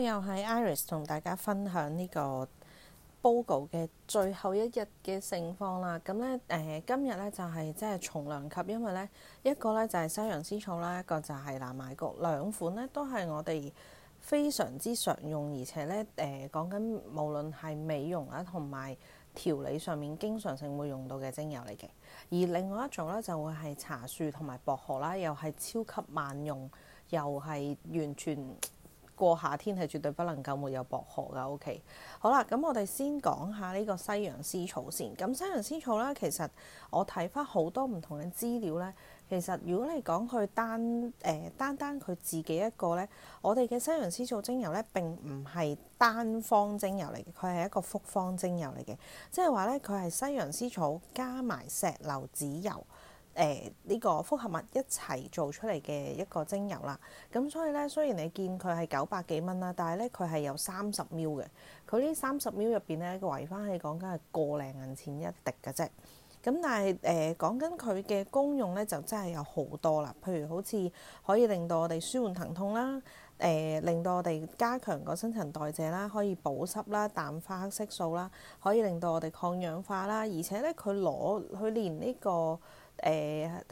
又係 Iris 同大家分享呢個 BOGO 嘅最後一日嘅盛況啦。咁咧誒，今日咧就係即係重量級，因為咧一個咧就係西洋蓍草啦，一個就係藍艾菊，兩款咧都係我哋非常之常用，而且咧誒講緊無論係美容啊同埋調理上面經常性會用到嘅精油嚟嘅。而另外一種咧就會係茶樹同埋薄荷啦，又係超級萬用，又係完全過夏天係絕對不能夠沒有薄荷噶，OK 好。好啦，咁我哋先講下呢個西洋蓍草先。咁西洋蓍草呢，其實我睇翻好多唔同嘅資料呢。其實如果你講佢單誒、呃、單單佢自己一個呢，我哋嘅西洋蓍草精油呢，並唔係單方精油嚟嘅，佢係一個複方精油嚟嘅，即係話呢，佢係西洋蓍草加埋石榴籽油。誒呢個複合物一齊做出嚟嘅一個精油啦，咁所以咧，雖然你見佢係九百幾蚊啦，但係咧佢係有三十 ml 嘅。佢呢三十 ml 入邊咧，維翻係講緊係個零銀錢一滴嘅啫。咁但係誒講緊佢嘅功用咧，就真係有好多啦。譬如好似可以令到我哋舒緩疼痛啦，誒、呃、令到我哋加強個新陳代謝啦，可以保濕啦，淡化黑色素啦，可以令到我哋抗氧化啦，而且咧佢攞佢連呢、這個。誒喺、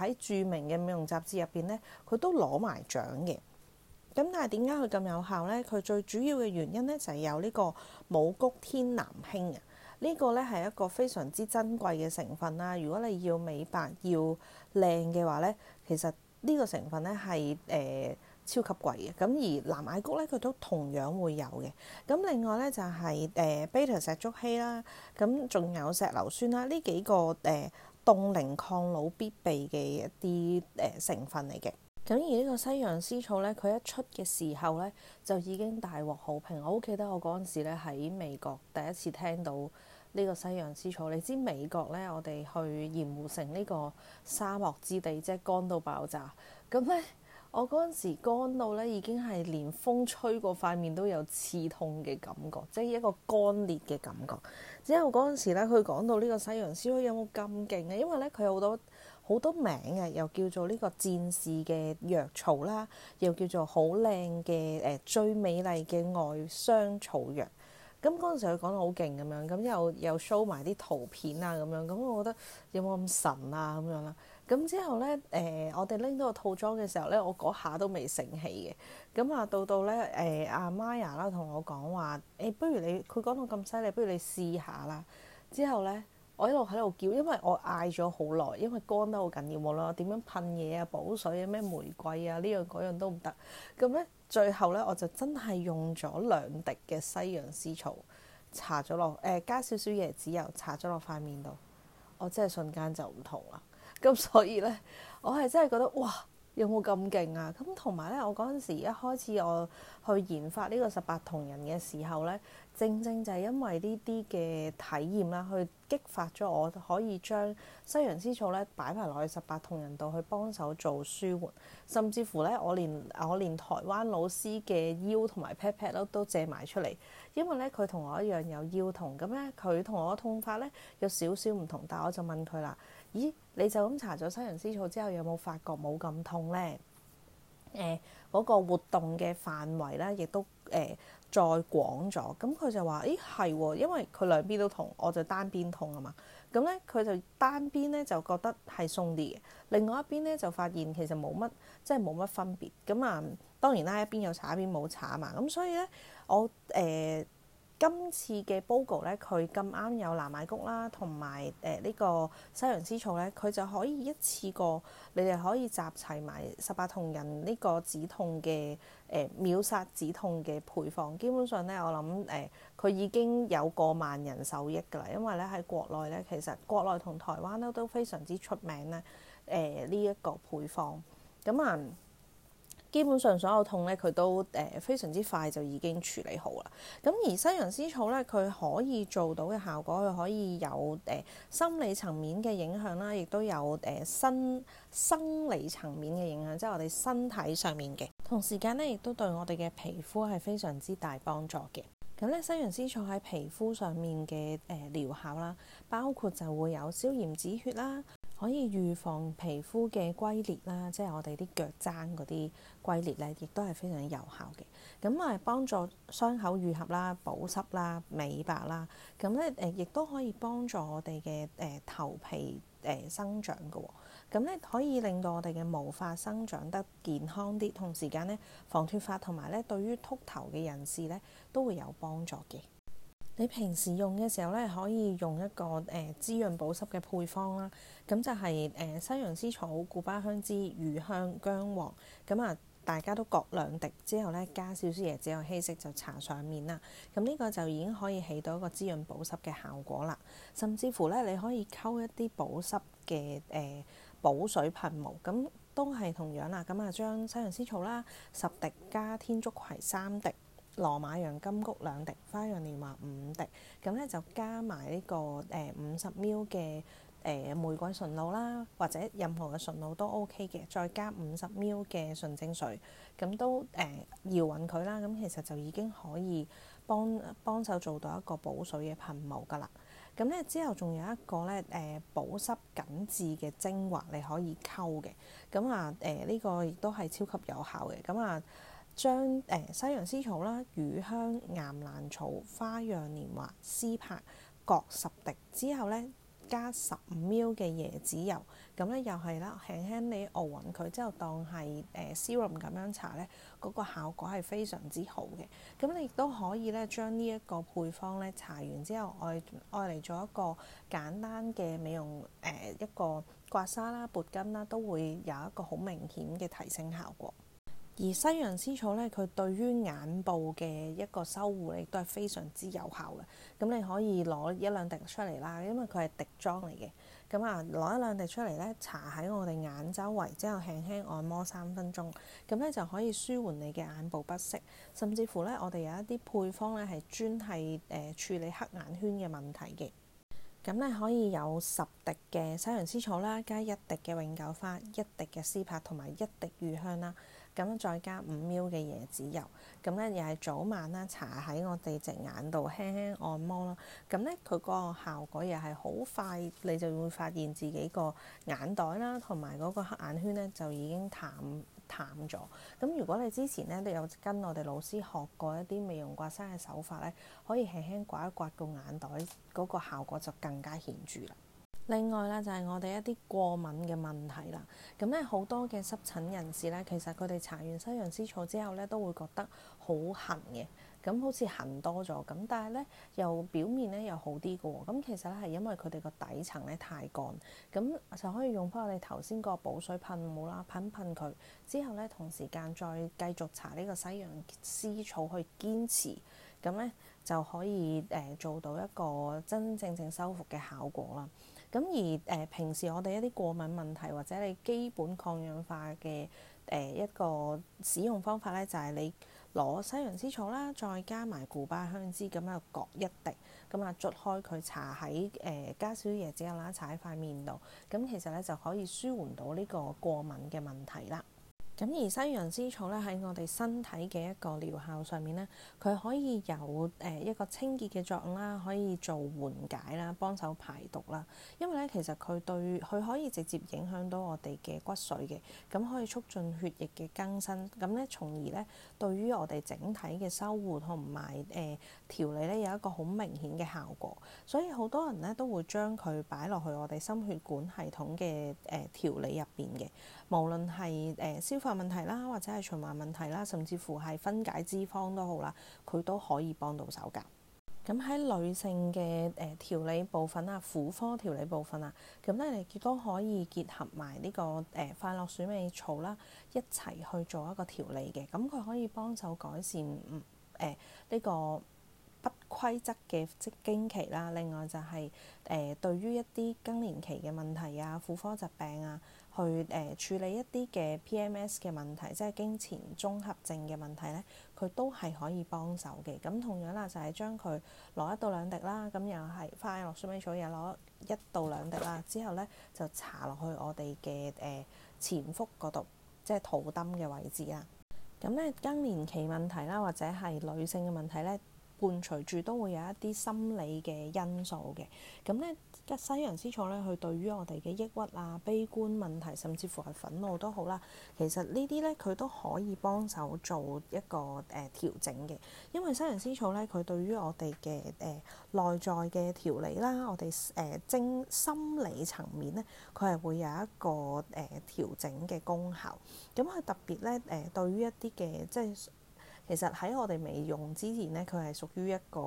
呃、著名嘅美容雜誌入邊咧，佢都攞埋獎嘅。咁但係點解佢咁有效咧？佢最主要嘅原因咧就係、是、有呢個母菊天藍烴啊。呢個咧係一個非常之珍貴嘅成分啦。如果你要美白要靚嘅話咧，其實呢個成分咧係誒超級貴嘅。咁而藍艾菊咧，佢都同樣會有嘅。咁另外咧就係誒貝塔石竹烯啦，咁仲有石硫酸啦，呢幾個誒。呃凍齡抗老必備嘅一啲誒、呃、成分嚟嘅，咁而呢個西洋蓍草呢，佢一出嘅時候呢，就已經大獲好評。我好記得我嗰陣時呢喺美國第一次聽到呢個西洋蓍草，你知美國呢，我哋去鹽湖城呢個沙漠之地，即、就、係、是、乾到爆炸，咁呢。我嗰陣時乾到咧，已經係連風吹過塊面都有刺痛嘅感覺，即係一個乾裂嘅感覺。之後嗰陣時咧，佢講到呢個西洋蓍草有冇咁勁咧？因為咧佢有好多好多名嘅，又叫做呢個戰士嘅藥草啦，又叫做好靚嘅誒最美麗嘅外傷草藥。咁嗰陣時佢講得好勁咁樣，咁又又 show 埋啲圖片啊咁樣，咁我覺得有冇咁神啊咁樣啦。咁之後咧，誒、呃、我哋拎到個套裝嘅時候咧，我嗰下都未醒起嘅。咁啊，到到咧，誒、呃、阿、啊、Maya 啦同我講話，誒、欸、不如你，佢講到咁犀利，不如你試下啦。之後咧，我一路喺度叫，因為我嗌咗好耐，因為乾得好緊要，無論我點樣噴嘢啊、補水啊、咩玫瑰啊，呢樣嗰樣都唔得。咁咧。最後咧，我就真係用咗兩滴嘅西洋蓍草搽咗落，誒、呃、加少少椰子油搽咗落塊面度，我真係瞬間就唔同啦。咁所以咧，我係真係覺得哇！有冇咁勁啊？咁同埋咧，我嗰陣時一開始我去研發呢個十八銅人嘅時候咧，正正就係因為呢啲嘅體驗啦，去激發咗我可以將西洋蓍草咧擺埋落去十八銅人度去幫手做舒緩，甚至乎咧我連我連台灣老師嘅腰同埋 pat pat 都都借埋出嚟，因為咧佢同我一樣有腰痛，咁咧佢同我嘅痛法咧有少少唔同，但係我就問佢啦。咦，你就咁搽咗西洋蓍草之後，有冇發覺冇咁痛呢？誒、呃，嗰、那個活動嘅範圍啦，亦都誒、呃、再廣咗。咁佢就話，咦，係，因為佢兩邊都痛，我就單邊痛啊嘛。咁咧，佢就單邊咧就覺得係鬆啲嘅，另外一邊咧就發現其實冇乜，即係冇乜分別。咁啊，當然啦，一邊有搽，一邊冇搽啊嘛。咁所以咧，我誒。呃今次嘅 Bogo 咧，佢咁啱有藍艾菊啦，同埋誒呢個西洋蓍草咧，佢就可以一次過，你哋可以集齊埋十八銅人呢個止痛嘅誒、呃、秒殺止痛嘅配方。基本上咧，我諗誒佢已經有過萬人受益㗎啦，因為咧喺國內咧，其實國內同台灣咧都非常之出名咧誒呢一個配方。咁、嗯、啊～基本上所有痛咧，佢都誒、呃、非常之快就已經處理好啦。咁而西洋蓍草咧，佢可以做到嘅效果，佢可以有誒、呃、心理層面嘅影響啦，亦都有誒身生理層面嘅影響，即係我哋身體上面嘅。同時間咧，亦都對我哋嘅皮膚係非常之大幫助嘅。咁咧，西洋蓍草喺皮膚上面嘅誒療效啦，包括就會有消炎止血啦。可以預防皮膚嘅龜裂啦，即係我哋啲腳踭嗰啲龜裂咧，亦都係非常有效嘅。咁啊，幫助傷口愈合啦、保濕啦、美白啦。咁咧誒，亦都可以幫助我哋嘅誒頭皮誒生長嘅。咁咧可以令到我哋嘅毛髮生長得健康啲，同時間咧防脱髮，同埋咧對於禿頭嘅人士咧都會有幫助嘅。你平時用嘅時候咧，可以用一個誒、呃、滋潤保濕嘅配方啦。咁就係、是、誒、呃、西洋蓍草、古巴香脂、魚香、薑黃。咁啊，大家都各兩滴之後咧，加少少椰子油稀釋就搽上面啦。咁呢個就已經可以起到一個滋潤保濕嘅效果啦。甚至乎咧，你可以溝一啲保濕嘅誒補水噴霧，咁都係同樣啦。咁啊，將西洋蓍草啦十滴加天竺葵三滴，羅馬洋金菊兩滴，花漾年華五滴，咁咧就加埋呢、呢個誒五十 mL 嘅誒、呃、玫瑰純露啦，或者任何嘅純露都 OK 嘅，再加五十 mL 嘅純淨水，咁都誒、呃、搖勻佢啦，咁其實就已經可以幫幫手做到一個補水嘅噴霧噶啦。咁咧之後仲有一個咧誒、呃、保濕緊緻嘅精華，你可以溝嘅，咁啊誒呢、呃呢個亦都係超級有效嘅，咁啊～將誒西洋蓍草啦、乳香、岩蘭草、花漾年華、絲柏各十滴之後咧，加十五 mL 嘅椰子油，咁咧又係啦，輕輕你熬勻佢之後當、um，當係誒 serum 咁樣搽咧，嗰個效果係非常之好嘅。咁你亦都可以咧，將呢一個配方咧搽完之後，愛愛嚟做一個簡單嘅美容誒、呃、一個刮痧啦、拔筋啦，都會有一個好明顯嘅提升效果。而西洋蓍草咧，佢對於眼部嘅一個修護咧，都係非常之有效嘅。咁你可以攞一兩滴出嚟啦，因為佢係滴裝嚟嘅。咁啊，攞一兩滴出嚟咧，搽喺我哋眼周圍之後，輕輕按摩三分鐘，咁咧就可以舒緩你嘅眼部不適。甚至乎咧，我哋有一啲配方咧係專係誒處理黑眼圈嘅問題嘅。咁咧可以有十滴嘅西洋蓍草啦，加一滴嘅永久花，一滴嘅絲柏同埋一滴乳香啦。咁再加五 mL 嘅椰子油，咁咧又係早晚啦，搽喺我哋隻眼度輕輕按摩咯。咁咧佢嗰個效果又係好快，你就會發現自己眼個眼袋啦，同埋嗰個黑眼圈咧就已經淡淡咗。咁如果你之前咧都有跟我哋老師學過一啲美容刮痧嘅手法咧，可以輕輕刮一刮個眼袋，嗰、嗰個效果就更加顯著啦。另外啦，就係、是、我哋一啲過敏嘅問題啦。咁咧好多嘅濕疹人士咧，其實佢哋搽完西洋蓍草之後咧，都會覺得好痕嘅。咁好似痕多咗，咁但係咧又表面咧又好啲嘅。咁其實係因為佢哋個底層咧太乾，咁就可以用翻我哋頭先個補水噴霧啦，噴噴佢之後咧，同時間再繼續搽呢個西洋蓍草去堅持，咁咧就可以誒、呃、做到一個真正正修復嘅效果啦。咁而誒、呃、平時我哋一啲過敏問題或者你基本抗氧化嘅誒、呃、一個使用方法咧，就係、是、你攞西洋蓍草啦，再加埋古巴香脂，咁啊各一滴，咁啊捽開佢，搽喺誒加少啲椰子油啦，搽喺塊面度，咁其實咧就可以舒緩到呢個過敏嘅問題啦。咁而西洋蓍草咧喺我哋身體嘅一個療效上面咧，佢可以有誒一個清潔嘅作用啦，可以做緩解啦，幫手排毒啦。因為咧，其實佢對佢可以直接影響到我哋嘅骨髓嘅，咁可以促進血液嘅更新。咁咧，從而咧，對於我哋整體嘅修護同埋誒調理咧，有一個好明顯嘅效果。所以好多人咧都會將佢擺落去我哋心血管系統嘅誒調理入邊嘅。無論係誒、呃、消化問題啦，或者係循環問題啦，甚至乎係分解脂肪都好啦，佢都可以幫到手㗎。咁喺女性嘅誒、呃、調理部分啊，婦科調理部分啊，咁咧你亦都可以結合埋呢、這個誒、呃、快樂水味草啦，一齊去做一個調理嘅。咁佢可以幫手改善唔呢、呃這個不規則嘅即經期啦、啊。另外就係、是、誒、呃、對於一啲更年期嘅問題啊，婦科疾病啊。去誒、呃、處理一啲嘅 PMS 嘅問題，即係經前綜合症嘅問題咧，佢都係可以幫手嘅。咁同樣啦，就係、是、將佢攞一到兩滴啦，咁、啊、又係花眼落水尾草嘢攞一到兩滴啦，之後咧就搽落去我哋嘅誒前腹嗰度，即係肚墩嘅位置啦。咁咧更年期問題啦，或者係女性嘅問題咧。伴隨住都會有一啲心理嘅因素嘅，咁咧西洋蓍草咧，佢對於我哋嘅抑鬱啊、悲觀問題，甚至乎係憤怒都好啦，其實呢啲咧佢都可以幫手做一個誒、呃、調整嘅，因為西洋蓍草咧，佢對於我哋嘅誒內在嘅調理啦，我哋誒、呃、精心理層面咧，佢係會有一個誒、呃、調整嘅功效，咁佢特別咧誒對於一啲嘅即係。其實喺我哋未用之前呢，佢係屬於一個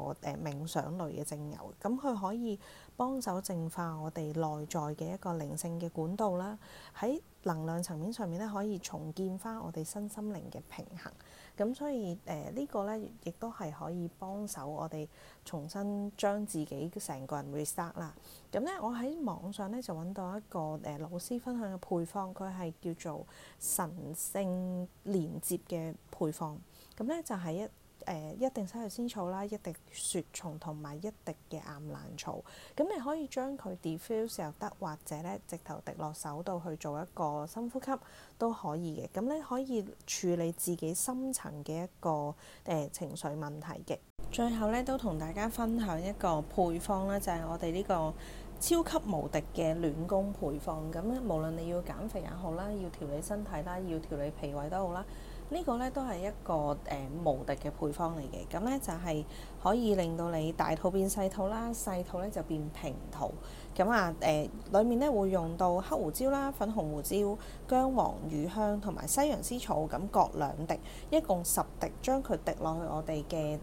冥想類嘅精油，咁佢可以幫手淨化我哋內在嘅一個靈性嘅管道啦。喺能量層面上面咧，可以重建翻我哋身心靈嘅平衡。咁、嗯、所以誒、呃這個、呢個咧亦都係可以幫手我哋重新將自己成個人 restart 啦。咁、嗯、咧，我喺網上咧就揾到一個誒、呃、老師分享嘅配方，佢係叫做神聖連接嘅配方。咁咧就係一誒、呃、一定西藥仙草啦，一滴雪松同埋一滴嘅岩蘭草。咁你可以將佢 diffuse 又得，或者咧直頭滴落手度去做一個深呼吸都可以嘅。咁咧可以處理自己深層嘅一個誒、呃、情緒問題嘅。最後咧都同大家分享一個配方啦，就係、是、我哋呢個超級無敵嘅暖宮配方。咁無論你要減肥也好啦，要調理身體啦，要調理脾胃都好啦。個呢個咧都係一個誒、呃、無敵嘅配方嚟嘅，咁咧就係、是、可以令到你大肚變細肚啦，細肚咧就變平肚。咁啊誒、呃，裡面咧會用到黑胡椒啦、粉紅胡椒、薑黃、乳香同埋西洋蓍草，咁各兩滴，一共十滴，將佢滴落去我哋嘅誒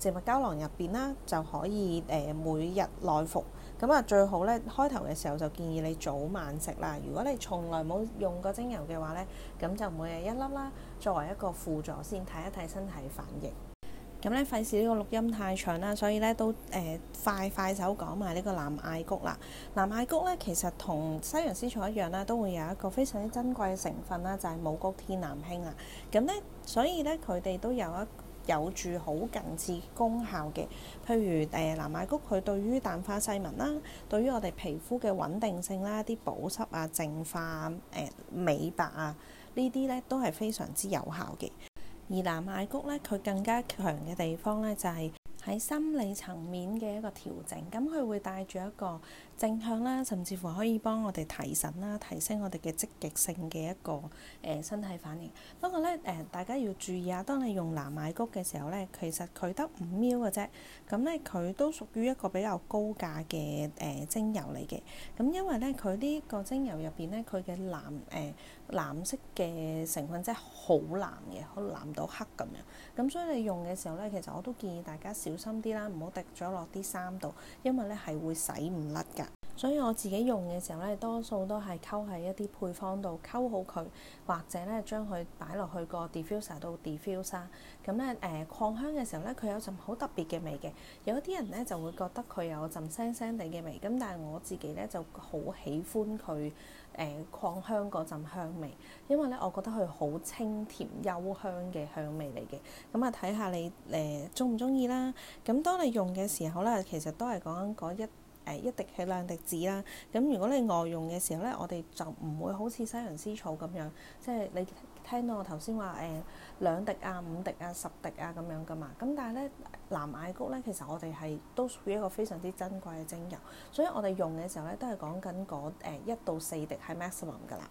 植物膠囊入邊啦，就可以誒、呃、每日內服。咁啊，最好咧開頭嘅時候就建議你早晚食啦。如果你從來冇用過精油嘅話咧，咁就每日一粒啦。作為一個輔助，先睇一睇身體反應。咁咧費事呢個錄音太長啦，所以咧都誒、呃、快快手講埋呢個藍艾菊啦。藍艾菊咧其實同西洋蓍草一樣啦，都會有一個非常之珍貴嘅成分啦，就係、是、母菊天南星啦。咁咧，所以咧佢哋都有一有住好近致功效嘅。譬如誒藍艾菊，佢對於淡化細紋啦，對於我哋皮膚嘅穩定性啦、啲保濕啊、淨化誒、呃、美白啊。呢啲咧都係非常之有效嘅，而藍艾菊咧，佢更加強嘅地方咧，就係喺心理層面嘅一個調整，咁佢會帶住一個定向啦，甚至乎可以幫我哋提神啦，提升我哋嘅積極性嘅一個誒、呃、身體反應。不過咧誒，大家要注意啊，當你用藍艾菊嘅時候咧，其實佢得五 ml 嘅啫，咁咧佢都屬於一個比較高價嘅誒、呃、精油嚟嘅。咁因為咧佢呢個精油入邊咧，佢嘅藍誒、呃、藍色嘅成分真係好藍嘅，好藍到黑咁樣，咁所以你用嘅時候咧，其實我都建議大家小心啲啦，唔好滴咗落啲衫度，因為咧係會洗唔甩㗎。所以我自己用嘅時候咧，多數都係溝喺一啲配方度溝好佢，或者咧將佢擺落去個 diffuser 度 diffuser。咁咧誒擴香嘅時候咧，佢有陣好特別嘅味嘅。有啲人咧就會覺得佢有陣腥腥地嘅味。咁但係我自己咧就好喜歡佢誒擴香嗰陣香味，因為咧我覺得佢好清甜幽香嘅香味嚟嘅。咁啊，睇下你誒鍾唔鍾意啦。咁當你用嘅時候咧，其實都係講緊嗰一。誒一滴係兩滴字啦，咁如果你外用嘅時候咧，我哋就唔會好似西洋蓍草咁樣，即係你聽，聽到我頭先話誒兩滴啊、五滴啊、十滴啊咁樣噶嘛。咁但係咧，藍艾菊咧，其實我哋係都屬於一個非常之珍貴嘅精油，所以我哋用嘅時候咧，都係講緊嗰誒一到四滴係 maximum 㗎啦。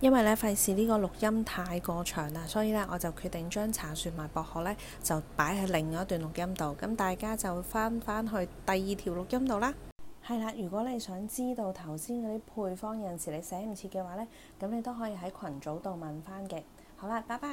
因為咧費事呢個錄音太過長啦，所以咧我就決定將茶樹同埋薄荷咧就擺喺另外一段錄音度，咁大家就翻翻去第二條錄音度啦。係啦，如果你想知道頭先嗰啲配方有陣時你寫唔切嘅話咧，咁你都可以喺群組度問翻嘅。好啦，拜拜。